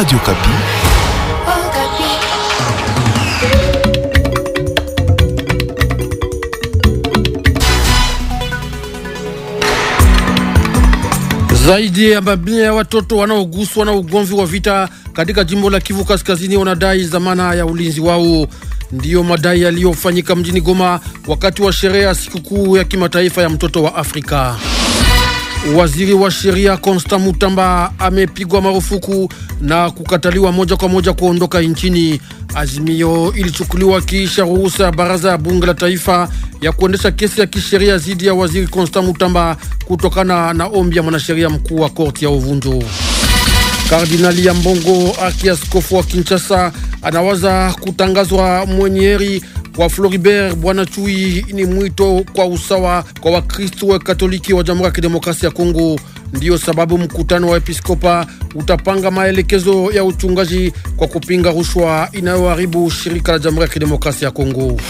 Radio Kapi. Zaidi ya mamia ya watoto wanaoguswa na ugomvi wa vita katika jimbo la Kivu Kaskazini wanadai dhamana ya ulinzi wao. Ndiyo madai yaliyofanyika mjini Goma wakati wa sherehe ya sikukuu ya kimataifa ya mtoto wa Afrika. Waziri wa sheria Constant Mutamba amepigwa marufuku na kukataliwa moja kwa moja kuondoka nchini. Azimio ilichukuliwa kiisha ruhusa ya baraza ya bunge la taifa ya kuendesha kesi ya kisheria dhidi ya waziri Constant Mutamba kutokana na ombi ya mwanasheria mkuu wa korti ya uvunjo. Kardinali ya Mbongo, akiaskofu wa Kinshasa, anawaza kutangazwa mwenyeheri kwa Floribert Bwana Chui ni mwito kwa usawa kwa Wakristo wa Katoliki wa Jamhuri ya Kidemokrasia ya Kongo. Ndiyo sababu mkutano wa episkopa utapanga maelekezo ya uchungaji kwa kupinga rushwa inayoharibu shirika la Jamhuri ya Kidemokrasia ya Kongo.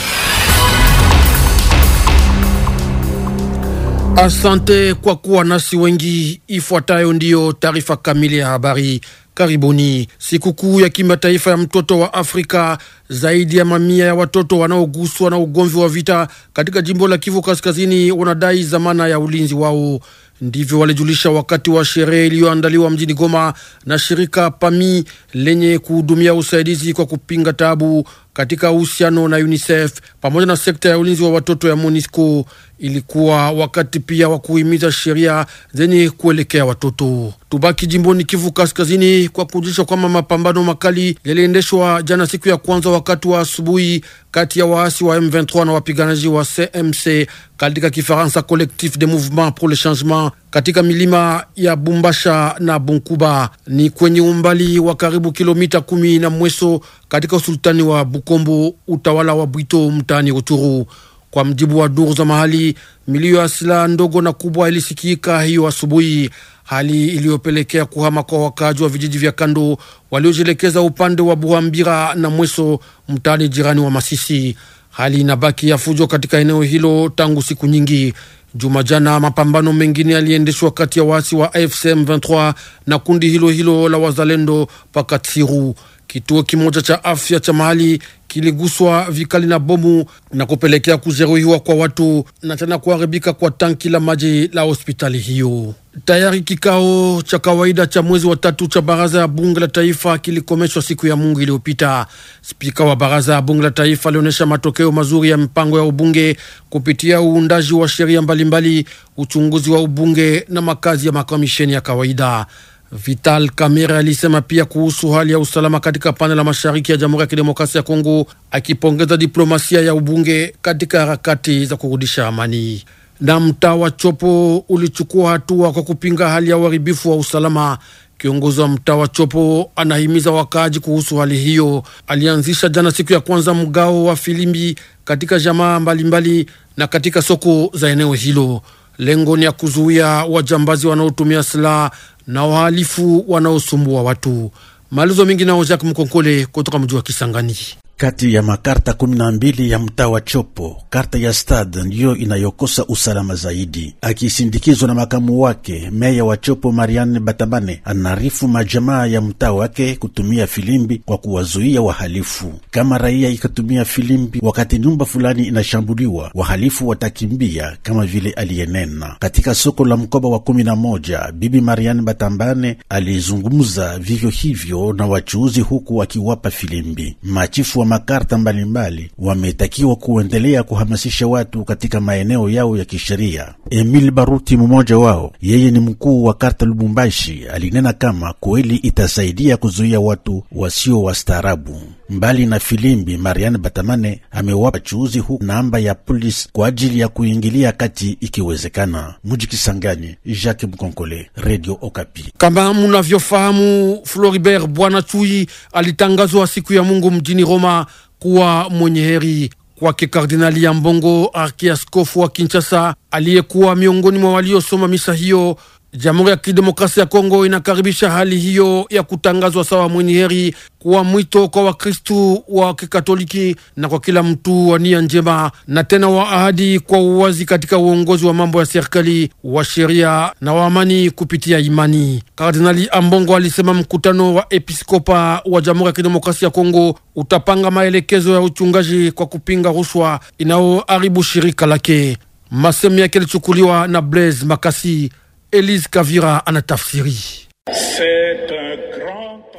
Asante kwa kuwa nasi wengi. Ifuatayo ndiyo taarifa kamili ya habari. Karibuni. Sikukuu ya kimataifa ya mtoto wa Afrika zaidi ya mamia ya watoto wanaoguswa na ugomvi wa vita katika jimbo la Kivu Kaskazini wanadai zamana ya ulinzi wao. Ndivyo walijulisha wakati wa sherehe iliyoandaliwa mjini Goma na shirika PAMI lenye kuhudumia usaidizi kwa kupinga tabu katika uhusiano na UNICEF pamoja na sekta ya ulinzi wa watoto ya MONUSCO. Ilikuwa wakati pia wa kuhimiza sheria zenye kuelekea watoto. Tubaki jimboni Kivu Kaskazini kwa kujulisha kwamba mapambano makali yaliendeshwa jana siku ya kwanza wakati wa asubuhi kati ya waasi wa M23 na wapiganaji wa CMC katika Kifaransa Collectif de Mouvement pour le Changement katika milima ya Bumbasha na Bunkuba ni kwenye umbali wa karibu kilomita kumi na Mweso katika usultani wa Bukombo, utawala wa Bwito mtaani Rutshuru. Kwa mjibu wa duru za mahali, milio ya silaha ndogo na kubwa ilisikika hiyo asubuhi, hali iliyopelekea kuhama kwa wakaaji wa vijiji vya kando waliojielekeza upande wa Buhambira na Mweso mtaani jirani wa Masisi. Hali inabaki ya fujo katika eneo hilo tangu siku nyingi. Juma jana mapambano mengine yaliendeshwa kati ya waasi wa AFC M23 na kundi hilo hilo la wazalendo pakatsiru. Kituo kimoja cha afya cha mahali kiliguswa vikali na bomu na kupelekea kujeruhiwa kwa watu na tena kuharibika kwa tanki la maji la hospitali hiyo. Tayari kikao cha kawaida cha mwezi wa tatu cha baraza ya bunge la taifa kilikomeshwa siku ya Mungu iliyopita. Spika wa baraza ya bunge la taifa alionyesha matokeo mazuri ya mpango ya ubunge kupitia uundaji wa sheria mbalimbali, uchunguzi wa ubunge na makazi ya makomisheni ya kawaida. Vital Kamera alisema pia kuhusu hali ya usalama katika pande la mashariki ya Jamhuri ya Kidemokrasia ya Kongo, akipongeza diplomasia ya ubunge katika harakati za kurudisha amani. Na mtaa wa Chopo ulichukua hatua kwa kupinga hali ya uharibifu wa usalama. Kiongozi wa mtaa wa Chopo anahimiza wakaaji kuhusu hali hiyo. Alianzisha jana siku ya kwanza mgao wa filimbi katika jamaa mbalimbali mbali na katika soko za eneo hilo lengo ni ya kuzuia wajambazi wanaotumia silaha na wahalifu wanaosumbua watu. Malizo mingi nao Jacques Mkonkole kutoka mji wa Kisangani kati ya makarta 12 ya mtaa wa Chopo, karta ya stad ndiyo inayokosa usalama zaidi. Akisindikizwa na makamu wake meya wa Chopo Marianne Batabane, anaarifu majamaa ya mtaa wake kutumia filimbi kwa kuwazuia wahalifu. Kama raia ikatumia filimbi wakati nyumba fulani inashambuliwa, wahalifu watakimbia, kama vile aliyenena katika soko la mkoba wa 11. Bibi Marianne batambane alizungumza vivyo hivyo na wachuuzi, huku akiwapa filimbi machifu wa makarta mbalimbali wametakiwa kuendelea kuhamasisha watu katika maeneo yao ya kisheria. Emil Baruti, mmoja wao, yeye ni mkuu wa karta Lubumbashi, alinena kama kweli itasaidia kuzuia watu wasio wastaarabu. Mbali na filimbi, Marian Batamane amewapa chuuzi huku namba ya polisi kwa ajili ya kuingilia kati ikiwezekana. Mujikisangani, Jacques Mkonkole, Radio Okapi. Kama munavyofahamu, Floribert Bwana Chui alitangazwa siku ya Mungu mjini Roma kuwa mwenye heri kwake Kardinali ya Mbongo, arkiaskofu wa Kinshasa, aliyekuwa miongoni mwa waliosoma misa hiyo Jamhuri ya Kidemokrasia ya Kongo inakaribisha hali hiyo ya kutangazwa sawa mwenye heri kuwa mwito kwa Wakristu wa Kikatoliki na kwa kila mtu wa nia njema na tena wa ahadi kwa uwazi katika uongozi wa mambo ya serikali wa sheria na wa amani kupitia imani. Kardinali Ambongo alisema mkutano wa episkopa wa Jamhuri ya Kidemokrasia ya Kongo utapanga maelekezo ya uchungaji kwa kupinga rushwa inayoharibu shirika lake. masemu yake yalichukuliwa na Blaise Makasi. Elise Kavira anatafsiri.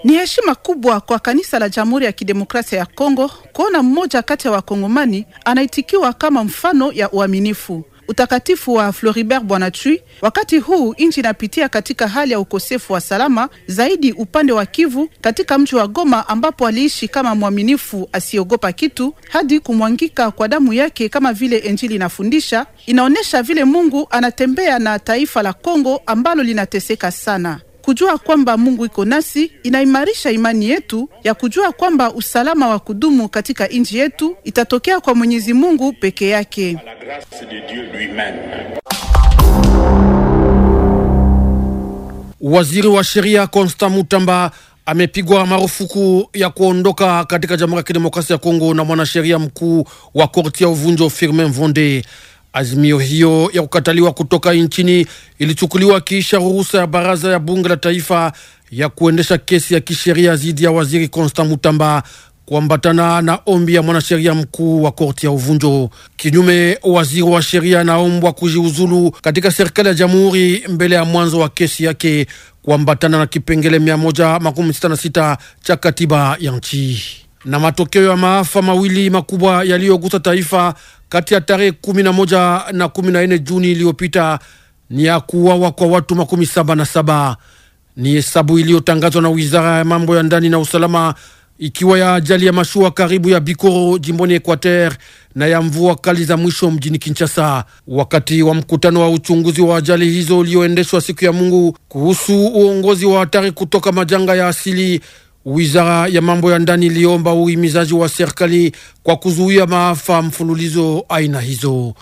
Ni heshima kubwa kwa kanisa la Jamhuri ya Kidemokrasia ya Kongo kuona mmoja kati ya Wakongomani anaitikiwa kama mfano ya uaminifu utakatifu wa Floribert Bwanachui. Wakati huu nchi inapitia katika hali ya ukosefu wa salama zaidi upande wa Kivu, katika mji wa Goma ambapo aliishi kama mwaminifu asiogopa kitu hadi kumwangika kwa damu yake, kama vile Injili inafundisha. Inaonyesha vile Mungu anatembea na taifa la Kongo ambalo linateseka sana. Kujua kwamba Mungu iko nasi inaimarisha imani yetu ya kujua kwamba usalama wa kudumu katika nchi yetu itatokea kwa Mwenyezi Mungu peke yake. Waziri wa sheria Constant Mutamba amepigwa marufuku ya kuondoka katika Jamhuri ya Kidemokrasia ya Kongo na mwanasheria mkuu wa korti ya uvunjo Firmin vonde Azimio hiyo ya kukataliwa kutoka nchini ilichukuliwa kisha ruhusa ya baraza ya bunge la taifa ya kuendesha kesi ya kisheria dhidi ya waziri Constant Mutamba kuambatana na ombi ya mwanasheria mkuu wa korti ya uvunjo. Kinyume, waziri wa sheria anaombwa kujiuzulu katika serikali ya jamhuri mbele ya mwanzo wa kesi yake kuambatana na kipengele 166 cha katiba ya nchi. Na matokeo ya maafa mawili makubwa yaliyogusa taifa kati ya tarehe kumi na moja na kumi na nne Juni iliyopita ni ya kuwawa kwa watu makumi saba na saba. Ni hesabu iliyotangazwa na wizara ya mambo ya ndani na usalama, ikiwa ya ajali ya mashua karibu ya Bikoro jimboni Equateur na ya mvua kali za mwisho mjini Kinshasa. Wakati wa mkutano wa uchunguzi wa ajali hizo ulioendeshwa siku ya Mungu kuhusu uongozi wa hatari kutoka majanga ya asili, Wizara ya mambo ya ndani iliomba uhimizaji wa serikali kwa kuzuia maafa mfululizo aina hizo.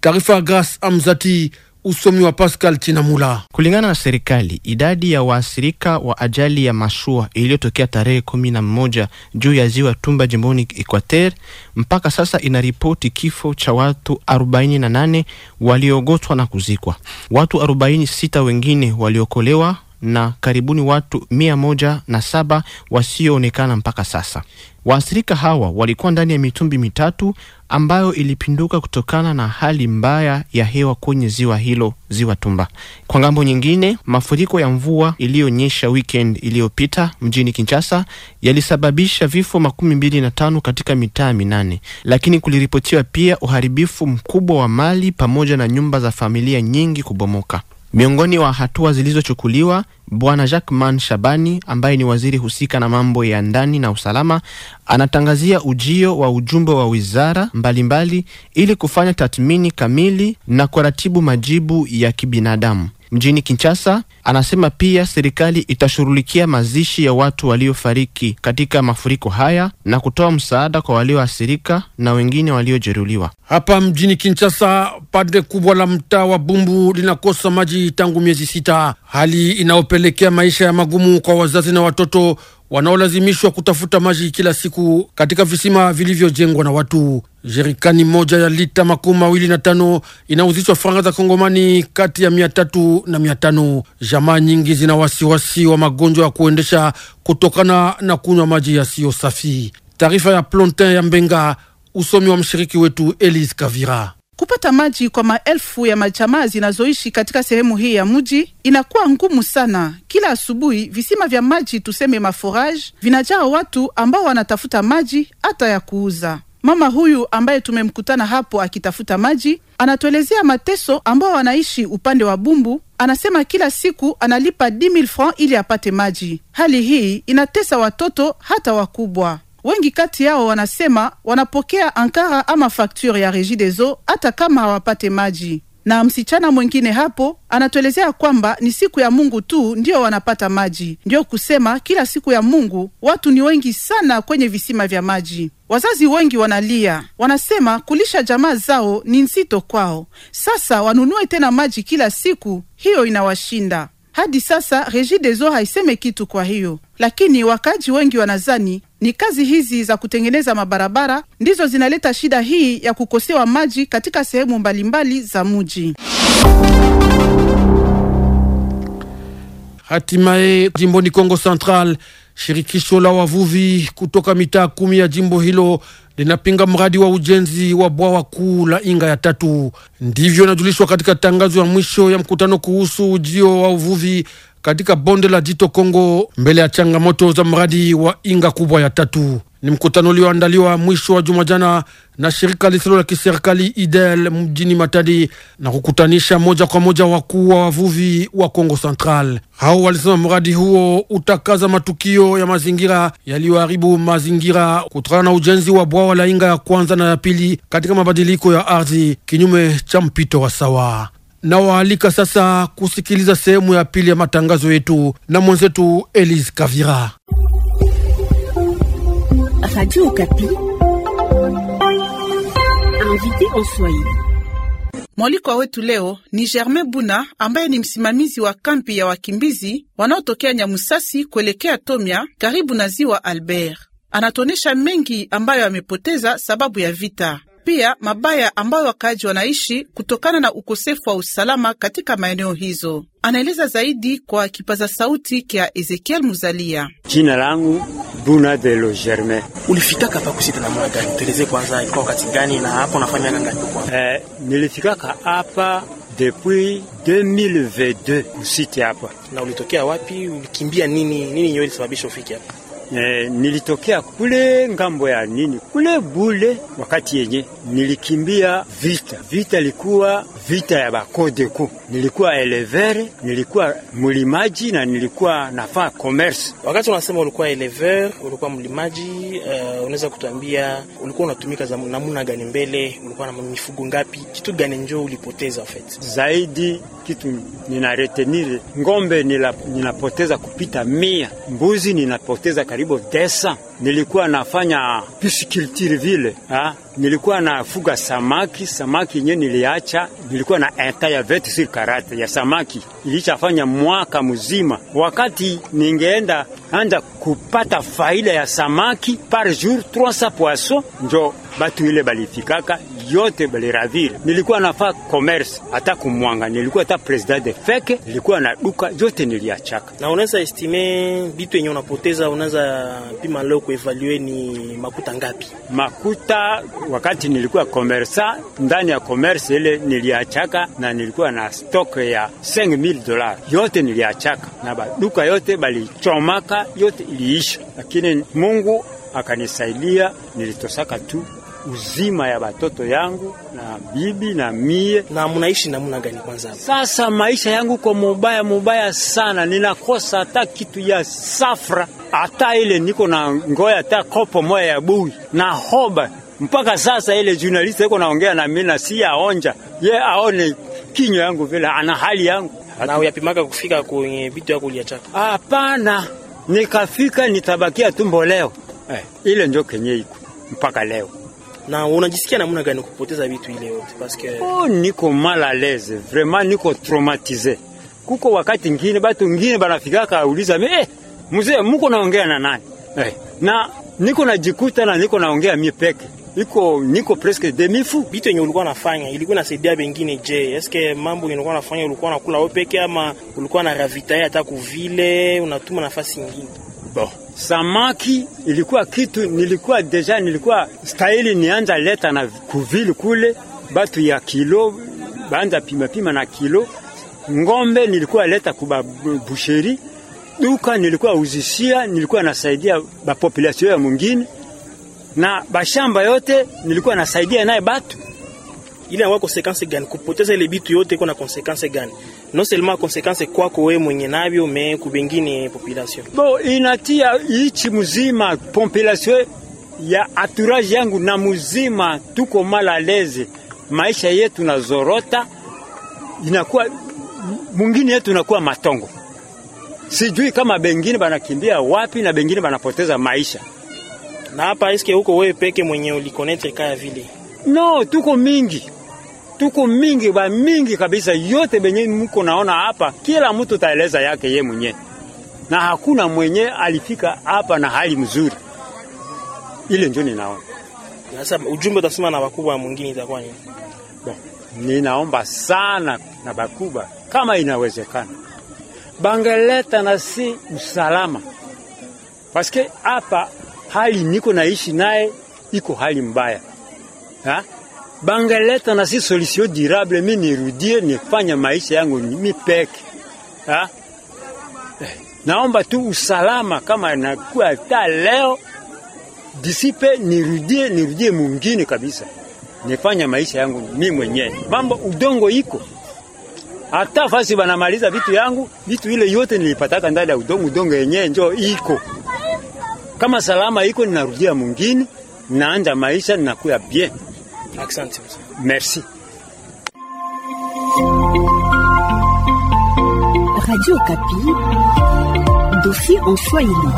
Taarifa Gas Amzati. Usomi wa Pascal Tinamula. Kulingana na serikali, idadi ya waathirika wa ajali ya mashua iliyotokea tarehe kumi na moja juu ya ziwa Tumba jimboni Equateur mpaka sasa inaripoti kifo cha watu 48 waliogotwa na kuzikwa, watu 46 wengine waliokolewa na karibuni watu mia moja na saba wasioonekana mpaka sasa. Waathirika hawa walikuwa ndani ya mitumbi mitatu ambayo ilipinduka kutokana na hali mbaya ya hewa kwenye ziwa hilo, ziwa Tumba. Kwa ngambo nyingine, mafuriko ya mvua iliyonyesha weekend iliyopita mjini kinchasa yalisababisha vifo makumi mbili na tano katika mitaa minane, lakini kuliripotiwa pia uharibifu mkubwa wa mali pamoja na nyumba za familia nyingi kubomoka. Miongoni wa hatua zilizochukuliwa, Bwana Jackman Shabani ambaye ni waziri husika na mambo ya ndani na usalama, anatangazia ujio wa ujumbe wa wizara mbalimbali ili kufanya tathmini kamili na kuratibu majibu ya kibinadamu mjini Kinshasa. Anasema pia serikali itashughulikia mazishi ya watu waliofariki katika mafuriko haya na kutoa msaada kwa walioathirika na wengine waliojeruhiwa hapa mjini Kinshasa. Padre kubwa la mtaa wa Bumbu linakosa maji tangu miezi sita, hali inayopelekea maisha ya magumu kwa wazazi na watoto wanaolazimishwa kutafuta maji kila siku katika visima vilivyojengwa na watu. Jerikani moja ya lita makumi mawili na tano inauzishwa franga za Kongomani kati ya mia tatu na mia tano. Jamaa nyingi zina wasiwasi wa magonjwa ya kuendesha kutokana na kunywa maji yasiyo safi. Taarifa ya Plontin ya Mbenga, usomi wa mshiriki wetu Elise Kavira. Kupata maji kwa maelfu ya majamaa zinazoishi katika sehemu hii ya mji inakuwa ngumu sana. Kila asubuhi visima vya maji, tuseme maforage, vinajaa watu ambao wanatafuta maji hata ya kuuza. Mama huyu ambaye tumemkutana hapo akitafuta maji anatuelezea mateso ambao wanaishi upande wa Bumbu. Anasema kila siku analipa 10,000 francs ili apate maji. Hali hii inatesa watoto hata wakubwa. Wengi kati yao wanasema wanapokea ankara ama fakture ya Regideso hata kama hawapate maji. Na msichana mwingine hapo anatuelezea kwamba ni siku ya Mungu tu ndiyo wanapata maji. Ndiyo kusema kila siku ya Mungu watu ni wengi sana kwenye visima vya maji. Wazazi wengi wanalia, wanasema kulisha jamaa zao ni nzito kwao, sasa wanunue tena maji kila siku, hiyo inawashinda. Hadi sasa Regideso haiseme kitu kwa hiyo, lakini wakaaji wengi wanazani ni kazi hizi za kutengeneza mabarabara ndizo zinaleta shida hii ya kukosewa maji katika sehemu mbalimbali za mji. Hatimaye jimboni congo Central, shirikisho la wavuvi kutoka mitaa kumi ya jimbo hilo linapinga mradi wa ujenzi wa bwawa kuu la Inga ya tatu. Ndivyo inajulishwa katika tangazo ya mwisho ya mkutano kuhusu ujio wa uvuvi katika bonde la Jito Kongo mbele ya changamoto za mradi wa inga kubwa ya tatu. Ni mkutano ulioandaliwa mwisho wa juma jana na shirika lisilo la kiserikali IDEL mjini Matadi na kukutanisha moja kwa moja wakuu wa wavuvi wa Kongo Central. Hao walisema mradi huo utakaza matukio ya mazingira yaliyoharibu mazingira kutokana na ujenzi wa bwawa la Inga ya kwanza na ya pili katika mabadiliko ya ardhi kinyume cha mpito wa sawa nawaalika sasa kusikiliza sehemu ya pili ya matangazo yetu na mwenzetu Elise Kavira. Mwaliko wa wetu leo ni Germain Buna ambaye ni msimamizi wa kampi ya wakimbizi wanaotokea Nyamusasi kuelekea Tomia karibu na ziwa Albert. Anatonesha mengi ambayo amepoteza sababu ya vita pia mabaya ambayo wakaaji wanaishi kutokana na ukosefu wa usalama katika maeneo hizo. Anaeleza zaidi kwa kipaza sauti kya Ezekiel Muzalia. Jina langu Buna de lo Germain. Ulifikaka hapa kusita na mwaga gani? Tueleze kwanza ilikuwa wakati gani na hapo unafanya gani kwa? Eh, nilifikaka hapa depuis 2022 kusita hapa. Na ulitokea wapi? Ulikimbia nini? Nini nyoe ilisababisha ufike hapa? E, nilitokea kule ngambo ya nini kule bule, wakati yenye nilikimbia vita. Vita likuwa vita ya bakodeko, nilikuwa elever nilikuwa mlimaji na nilikuwa nafaa commerce. Wakati unasema ulikuwa elever ulikuwa mlimaji, uh, unaweza kutuambia ulikuwa unatumika za gani mbele? Ulikuwa na mifugo ngapi? Kitu gani njoo ulipoteza fet Zaidi kitu ninaretenire ngombe nilapoteza ninapoteza kupita mia, mbuzi ninapoteza Caribodessa nilikuwa nafanya pisculture vile ha? Nilikuwa nafuga samaki, samaki yenyewe niliacha, nilikuwa na entire vet sur karate ya samaki ilichafanya mwaka mzima. Wakati ningeenda anza kupata faida ya samaki par jour 300 poisson, njo batu ile balifikaka yote baliravire. Nilikuwa nafaa commerce hata kumwanga, nilikuwa hata president de feke, nilikuwa na duka yote niliachaka. Na unaweza estime bitu yenye unapoteza, unaweza pima leo kuevalue ni makuta ngapi? Makuta wakati nilikuwa komersa ndani ya komerse ile niliachaka, na nilikuwa na stock ya 5000 dollars yote niliachaka, na baduka yote balichomaka, yote iliisha, lakini Mungu akanisaidia, nilitosaka tu uzima ya batoto yangu na bibi na mie. Na munaishi namna gani kwanza? Sasa maisha yangu kwa mubaya mubaya sana, ninakosa hata kitu ya safra hata ile niko na ngoya hata kopo moya ya bui na hoba mpaka sasa, ile journalist iko naongea na mimi na si aonja ye aone kinywa yangu vile ana hali yangu. Na uyapimaga kufika kwenye vitu ya kuliachaka? Hapana, nikafika nitabakia tumbo leo eh, ile ndio kenye iko mpaka leo. Na unajisikia namna gani kupoteza vitu ile yote? Paske oh, niko malaleze vraiment, niko traumatize Kuko wakati ngine batu ngine banafikaka auliza mimi eh, mzee, mko naongea na nani? Eh, na niko najikuta na niko naongea mie peke iko niko presque demifu. Vitu yenye ulikuwa nafanya ilikuwa inasaidia bengine. Je, eske mambo yenye ulikuwa nafanya ulikuwa nakula wewe peke ama ulikuwa na ravitaye hata kuvile unatuma nafasi nyingine? Bon, samaki ilikuwa kitu nilikuwa deja nilikuwa stahili nianza leta na kuvili kule batu ya kilo baanza pima pima na kilo ngombe nilikuwa leta kuba duka nilikuwa uzishia, nilikuwa nasaidia population ya mwingine na bashamba yote nilikuwa nasaidia naye batu ile wako consequence gani kupoteza ile bitu yote kuna consequence gani? Non seulement consequence kwako wewe mwenye navyo me bengine population. Bo inatia ichi mzima population ya entourage yangu na mzima tuko malaleze, maisha yetu nazorota, inakuwa mwingine yetu inakuwa matongo sijui kama bengine banakimbia wapi na bengine banapoteza maisha. Na hapa eske huko wewe peke mwenye ulikonete kaya vile? No, tuko mingi, tuko mingi ba mingi kabisa. Yote benye mko naona hapa, kila mtu taeleza yake ye mwenye na hakuna mwenye alifika hapa na hali mzuri. Ile ndio ninaona sasa. Ujumbe utasema na wakubwa mwingine itakuwa nini? Ninaomba sana na bakubwa, kama inawezekana bangeleta nasi usalama paske hapa hali niko naishi naye iko hali mbaya ha? bangeleta nasi solution durable, mi nirudie nifanya maisha yangu mi peke ha? Eh, naomba tu usalama, kama nakuwa ta leo disipe, nirudie nirudie mungine kabisa, nifanya maisha yangu mi mwenyewe. Mambo udongo iko hata fasi banamaliza vitu yangu, vitu ile yote nilipataka ndani ya udongo, udongo yenyewe njo iko kama salama iko, ninarudia mungini, naanza maisha, ninakuya bien. Asante, merci. Radio Kapi, dossier en Swahili.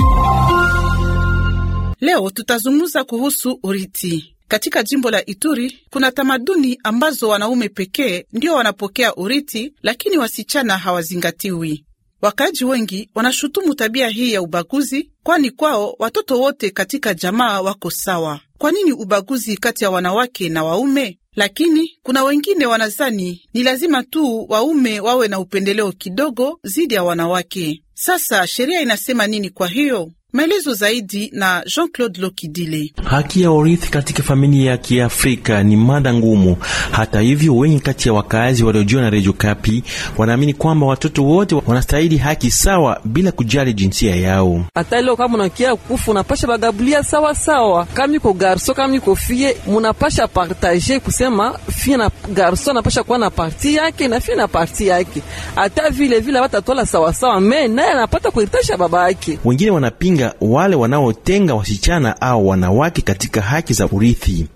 Leo tutazungumza kuhusu urithi. Katika jimbo la Ituri kuna tamaduni ambazo wanaume pekee ndio wanapokea urithi, lakini wasichana hawazingatiwi. Wakaaji wengi wanashutumu tabia hii ya ubaguzi, kwani kwao watoto wote katika jamaa wako sawa. Kwa nini ubaguzi kati ya wanawake na waume? Lakini kuna wengine wanazani ni lazima tu waume wawe na upendeleo kidogo zidi ya wanawake. Sasa sheria inasema nini kwa hiyo? Maelezo zaidi na Jean-Claude Lokidile. Haki ya urithi katika familia ya Kiafrika ni mada ngumu. Hata hivyo, wengi kati ya wakazi waliojiwa na Radio Kapi wanaamini kwamba watoto wote wanastahili haki sawa bila kujali jinsia yao. Hata leo kama unakia kufu unapasha bagabulia sawa sawa, kama iko garso kama iko fie munapasha partaje kusema fie na garso anapasha kuwa na parti yake na fie na parti yake, hata vile vile watatola sawa sawa, me naye anapata kuiritasha baba yake. Wengine wanapinga kuwalinda wale wanaotenga wasichana au wanawake katika haki za urithi.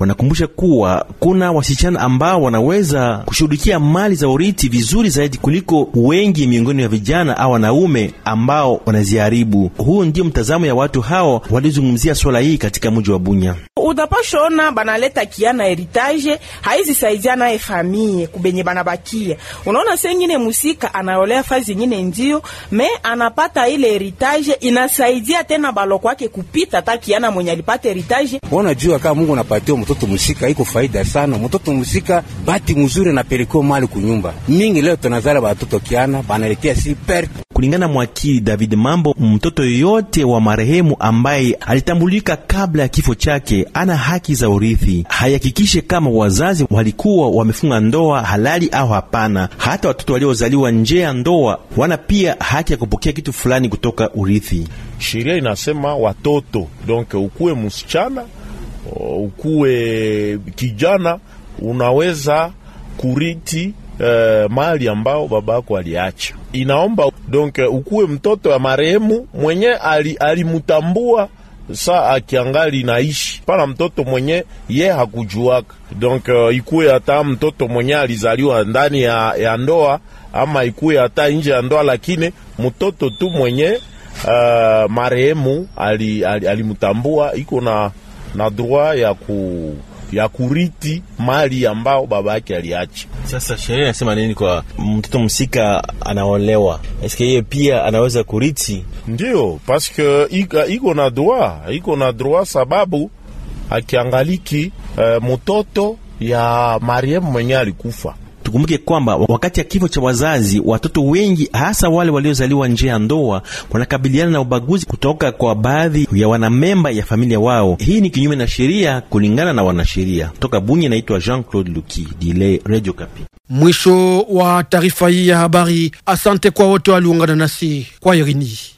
Wanakumbusha kuwa kuna wasichana ambao wanaweza kushughulikia mali za urithi vizuri zaidi kuliko wengi miongoni mwa vijana au wanaume ambao wanaziharibu. Huu ndio mtazamo ya watu hao walizungumzia swala hii katika mji wa Bunya utapashaona banaleta kia na heritage haizisaidia naye famie kubenye banabakia. Unaona sengine musika anaolea fazi nyingine ndio me anapata ile heritage inasaidia tena baloko yake kupita hata kiana mwenye alipata heritage. Unajua kama Mungu anapatia mtoto musika iko faida sana. Mtoto musika bati mzuri na pelekeo mali kunyumba. Mingi leo tunazala batoto kiana banaletea si perte Kulingana mwakili David Mambo, mtoto yoyote wa marehemu ambaye alitambulika kabla ya kifo chake ana haki za urithi. Haihakikishe kama wazazi walikuwa wamefunga ndoa halali au hapana. Hata watoto waliozaliwa nje ya ndoa wana pia haki ya kupokea kitu fulani kutoka urithi. Sheria inasema watoto donc, ukuwe msichana ukuwe kijana, unaweza kuriti eh, mali ambao babako aliacha. Inaomba donc euh, ukuwe mtoto wa marehemu mwenye alimutambua ali sa akiangali naishi pana mtoto mwenye ye hakujuaka donc uh, ikuwe hata mtoto mwenye alizaliwa ndani ya, ya ndoa ama ikuwe hata nje ya ndoa, lakini mtoto tu mwenye uh, marehemu alimtambua ali, ali iko na, na droit ya ku ya kuriti mali ambao baba yake aliacha. Sasa sheria inasema nini kwa mtoto msika anaolewa? Eske yeye pia anaweza kuriti? Ndio, paske iko na droit, iko na droit sababu akiangaliki uh, eh, mtoto ya Mariam mwenye alikufa Tukumbuke kwamba wakati ya kifo cha wazazi, watoto wengi hasa wale waliozaliwa nje ya ndoa wanakabiliana na ubaguzi kutoka kwa baadhi ya wanamemba ya familia wao. Hii ni kinyume na sheria, kulingana na wanasheria toka Bunya. Naitwa Jean Claude Luki Dile, Radio Kapi. Mwisho wa taarifa hii ya habari. Asante kwa wote waliungana nasi kwa Irini.